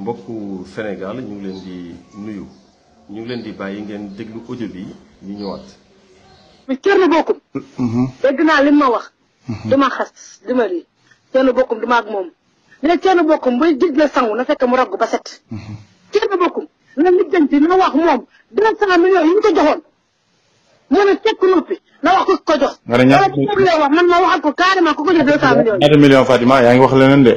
mbokku Sénégal ñu ngi leen di nuyu ñu ngi leen di bàyyi ngeen déglu audio bi ñu ñëwaat. mais Thierno Bocoum. Mm-hmm. dégg naa li ma wax. Mm-hmm. duma xas duma lii Thierno Bocoum duma ak moom mais Thierno Bocoum buy digle sangu na fekk mu ragg ba set. Thierno mm-hmm. Bocoum na lijjanti na wax moom deux cent millions yi ñu ko joxoon mu ne tekk noppi na wax ko ko jox. nga ne ñaata wax man ma ko carrément ku yaa ngi wax leneen de.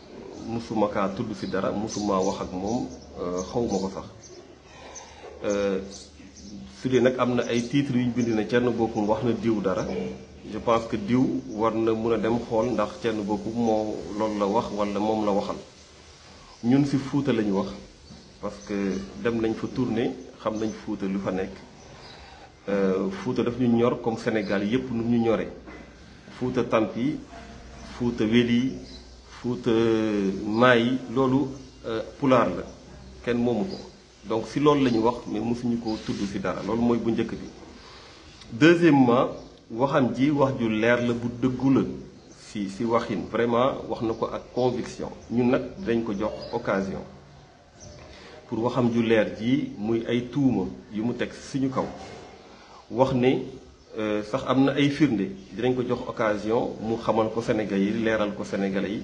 musuma ka tuddu fi dara musuma wax ak mom euh, xawma ko sax euh fili nak amna ay titre yuñ bindi na cenn bokkum wax na diw dara je pense que diw war na mun dem xol ndax cenn bokkum mo lool la wax wala mom la waxal ñun ci fuuta lañ wax parce que dem nañ fa tourner xam nañ fuuta lu fa nek euh fuuta daf ñu ñor comme sénégal yépp ñu ñoré fuuta tampi fuuta weli Fuuta euh, Maay loolu euh, pulaar la ken moomu donc si lolu lañ wax mais mosuñu ko tuddu fi dara lolu moy bu njëkk bi deuxièmement waxam ji wax ju leer la bu dëggu si si waxin vraiment wax na ak conviction ñun nak dañ ko jox occasion pour waxam ju leer ji muy ay tuuma yu mu suñu kaw wax ne euh, sax amna ay firnde dinañ ko jox occasion mu xamal ko Sénégalais yi léral ko Sénégalais yi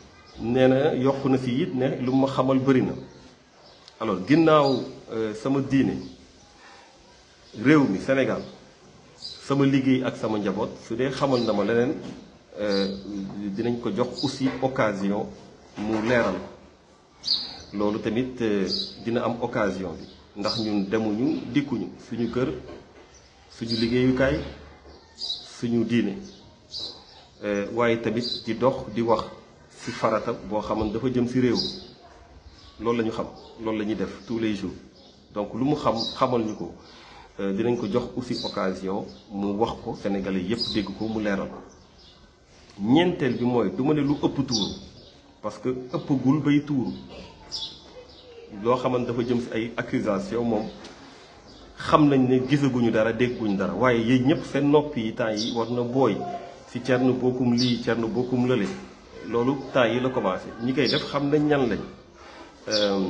nee na yokk na si it ne lu ma xamal bëri na alors ginnaaw euh, sama diine réew mi Sénégal sama liggéey ak sama njaboot su dee xamal na ma leneen euh, dinañ ko jox aussi occasion mu leeral loolu tamit euh, dina am occasion bi ndax ñun demuñu dikkuñu suñu kër suñu liggéeyukaay suñu diine waaye tamit di dox di wax si farata boo xaman dafa jëm si réew loolu lañu xam loolu la ñuy def tous les jours donc lu mu xam xamal ñu ko euh, dinañ ko jox aussi occasion mu wax ko sénégalais yépp dégg ko mu leeral ko ñeenteel bi mooy du ma ne lu ëpp tuuru parce que ëppagul bay tuuru loo xamante dafa jëm si ay accusation moom xam nañ ne gisaguñu dara dégguñu dara waaye yéen ñëpp seen nopp yi temps yi war na booy si cern bokkum lii cern bokkum lële loolu temps yi la commencé ñi koy def xam nañ ñan lañ euh,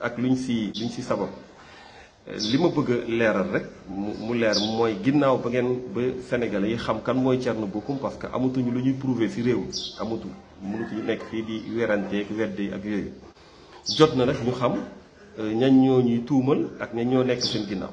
ak lu luñ si luñ si sabab li ma bëgg a leeral rek mu mu leer mooy ginnaaw ba ngeen ba sénégalais yi xam kan mooy Thierno Bocoum parce que amatuñu lu ñuy prouver si réew mi amatul mënatuñu nekk fii di weranteeg wedde ak yooyu jot na rek ñu xam euh, ñañ ñoo ñuy tuumal ak ñañ ñoo nekk seen ginnaaw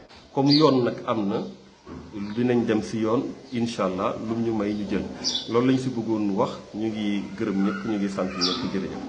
comme yoon nag am na dinañ dem si yoon incha allah lum ñu may ñu jël loolu lañ si bëggoon wax ñu ngi gërëm ñëpp ñu ngi sant ñëpp jërëjëf.